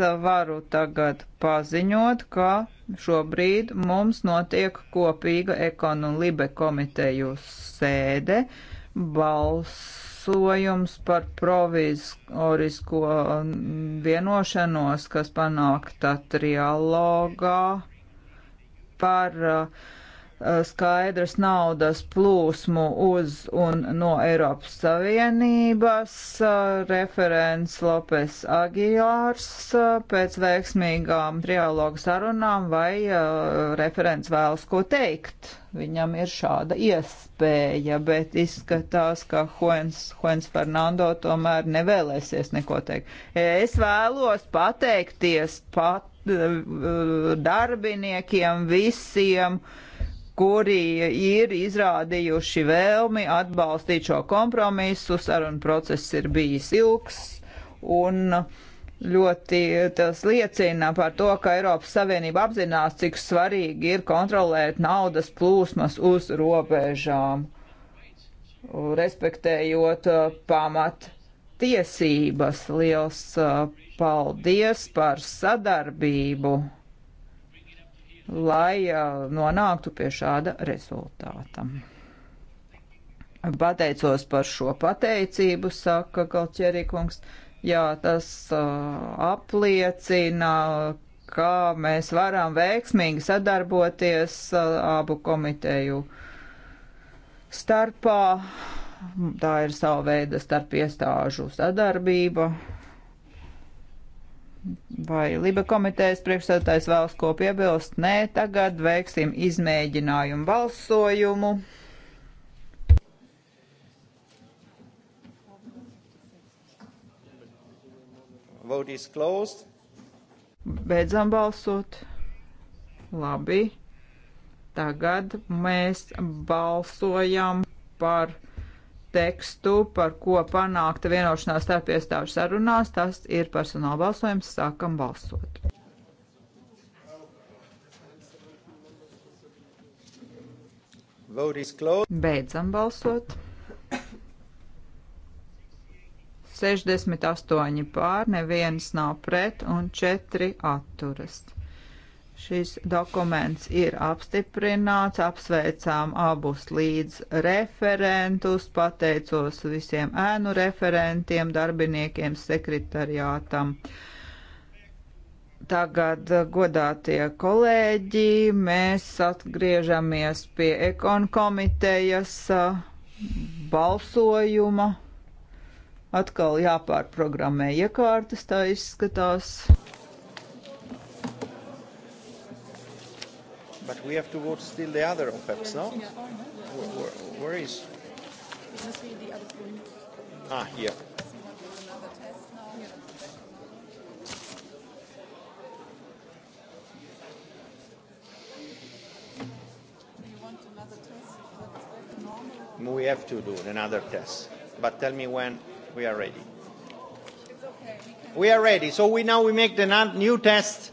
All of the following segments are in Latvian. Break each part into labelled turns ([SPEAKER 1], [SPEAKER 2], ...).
[SPEAKER 1] varu tagad paziņot, ka šobrīd mums notiek kopīga ekon un libe komiteju sēde, balsojums par provizorisko um, vienošanos, kas panākta trialogā par uh, Uh, skaidras naudas plūsmu uz un no Eiropas Savienības. Uh, referents Lopes Agijārs uh, pēc veiksmīgām trialogu sarunām vai referents vēlas ko teikt. Viņam ir šāda iespēja, bet izskatās, ka Huens, Huens Fernando tomēr nevēlēsies neko teikt. Es vēlos pateikties pat darbiniekiem visiem, uh, kuri ir izrādījuši vēlmi atbalstīt šo kompromisu. Saruna process ir bijis ilgs un ļoti tas liecina par to, ka Eiropas Savienība apzinās, cik svarīgi ir kontrolēt naudas plūsmas uz robežām, respektējot uh, pamat tiesības. Liels uh, paldies par sadarbību! lai nonāktu pie šāda rezultāta. Pateicos par šo pateicību, saka Galķerīkungs. Jā, tas apliecina, kā mēs varam veiksmīgi sadarboties abu komiteju starpā. Tā ir sava veida starp iestāžu sadarbība, Vai Liba komitejas priekšsētājs vēlas ko piebilst? Nē, tagad veiksim izmēģinājumu balsojumu.
[SPEAKER 2] Vote is closed.
[SPEAKER 1] Beidzam balsot. Labi. Tagad mēs balsojam par tekstu, par ko panākta vienošanās starp iestāžu sarunās, tas ir personāla balsojums, sākam balsot. Beidzam balsot. 68 pār, neviens nav pret un 4 atturas. Šis dokuments ir apstiprināts, apsveicām abus līdz referentus, pateicos visiem ēnu referentiem, darbiniekiem, sekretariātam. Tagad, godātie kolēģi, mēs atgriežamies pie ekon komitejas balsojuma. Atkal jāpārprogrammē iekārtas, tā izskatās.
[SPEAKER 2] But we have to vote still the other OPEPs, no? Where, where is? It must be the other point. Ah, here. We have to do another test. But tell me when we are ready. It's okay. We, can... we are ready. So we now we make the nu-, new test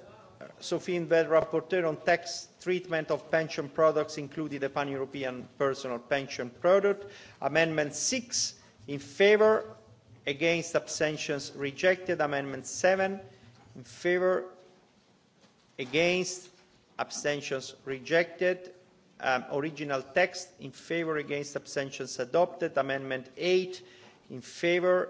[SPEAKER 2] Sophie Inbel, rapporteur on tax treatment of pension products, including the pan-European personal pension product. Amendment 6, in favour, against abstentions rejected. Amendment 7, in favour, against abstentions rejected. Um, original text, in favour, against abstentions adopted. Amendment 8, in favour,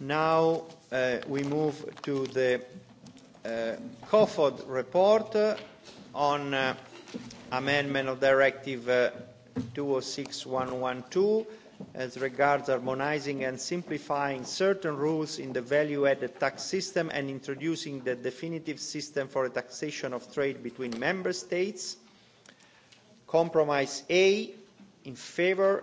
[SPEAKER 2] Now uh, we move to the uh, COFOD report uh, on uh, amendment of Directive uh, 206112 as regards harmonizing and simplifying certain rules in the value-added tax system and introducing the definitive system for a taxation of trade between member states. Compromise A in favor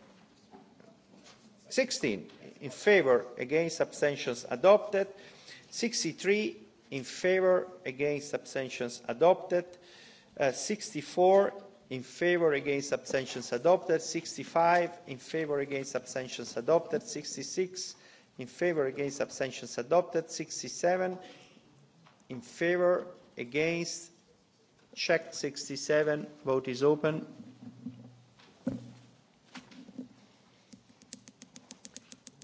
[SPEAKER 2] sixteen in favour against abstentions adopted sixty three in favour against abstentions adopted uh, sixty four in favour against abstentions adopted sixty five in favour against abstentions adopted sixty six in favour against abstentions adopted sixty seven in favour against check sixty seven vote is open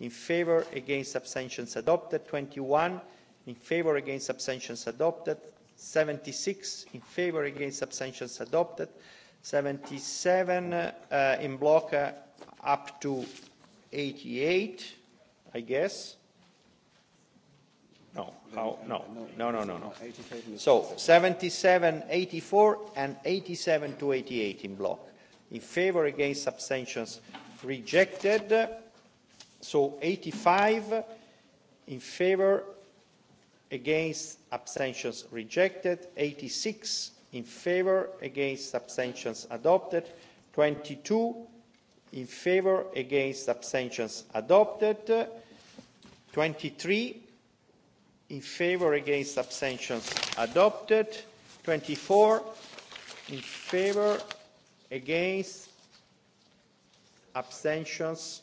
[SPEAKER 2] in favour against abstentions adopted twenty one in favour against abstentions adopted seventy six in favour against abstentions adopted seventy seven uh, in block uh, up to eighty eight i guess no how no no no no no so seventy seven eighty four and eighty seven to eighty eight in block in favour against abstentions rejected So 85 in favour, against abstentions rejected, 86 in favour, against abstentions adopted, 22 in favour, against abstentions adopted, 23 in favour, against abstentions adopted, 24 in favour, against abstentions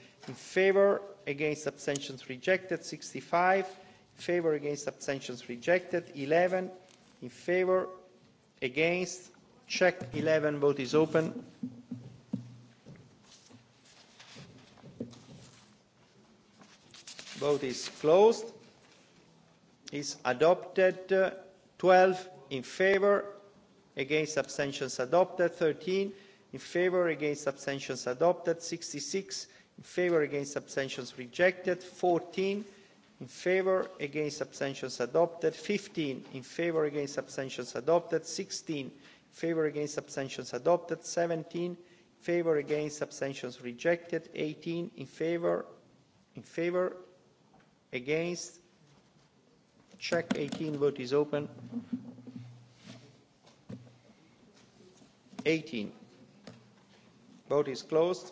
[SPEAKER 2] in favour against abstentions rejected sixty five in favour against abstentions rejected eleven in favour against check eleven vote is open vote is closed is adopted uh, 12 in favour against abstentions adopted 13 in favour against abstentions adopted 66 in favour against abstentions rejected fourteen in favour against abstentions adopted fifteen in favour against abstentions adopted sixteen in favour against abstentions adopted seventeen in favour against abstentions rejected eighteen in favour in favour against check eighteen vote is open eighteen vote is closed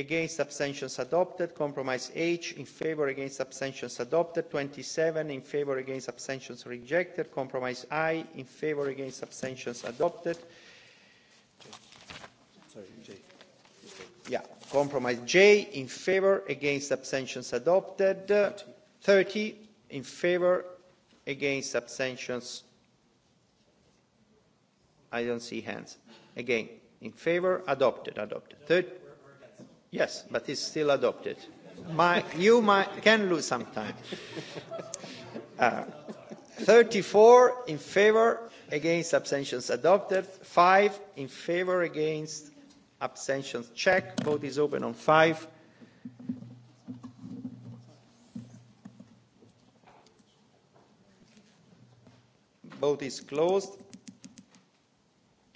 [SPEAKER 2] against abstentions adopted compromise h in favour against abstentions adopted twenty seven in favour against abstentions rejected compromise i in favour against abstentions adopted Sorry, J. yeah compromise j in favour against abstentions adopted uh, 30 in favour against abstentions i don't see hands again in favour adopted adopted 30 Yes, but it's still adopted. My, you might, can lose some time. Uh, 34 in favor, against abstentions adopted. 5 in favor, against abstentions check. Vote is open on 5. Vote is closed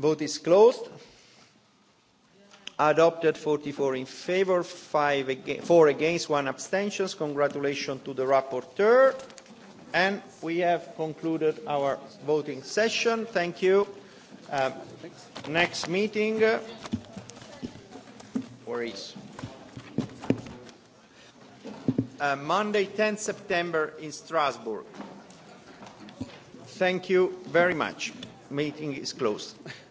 [SPEAKER 2] Vote is closed. Adopted 44 in favour, ag 4 against, 1 abstention. Congratulations to the rapporteur. And we have concluded our voting session. Thank you. Uh, next meeting. Uh, where is? Uh, Monday, 10 September in Strasbourg. Thank you very much. Meeting is closed.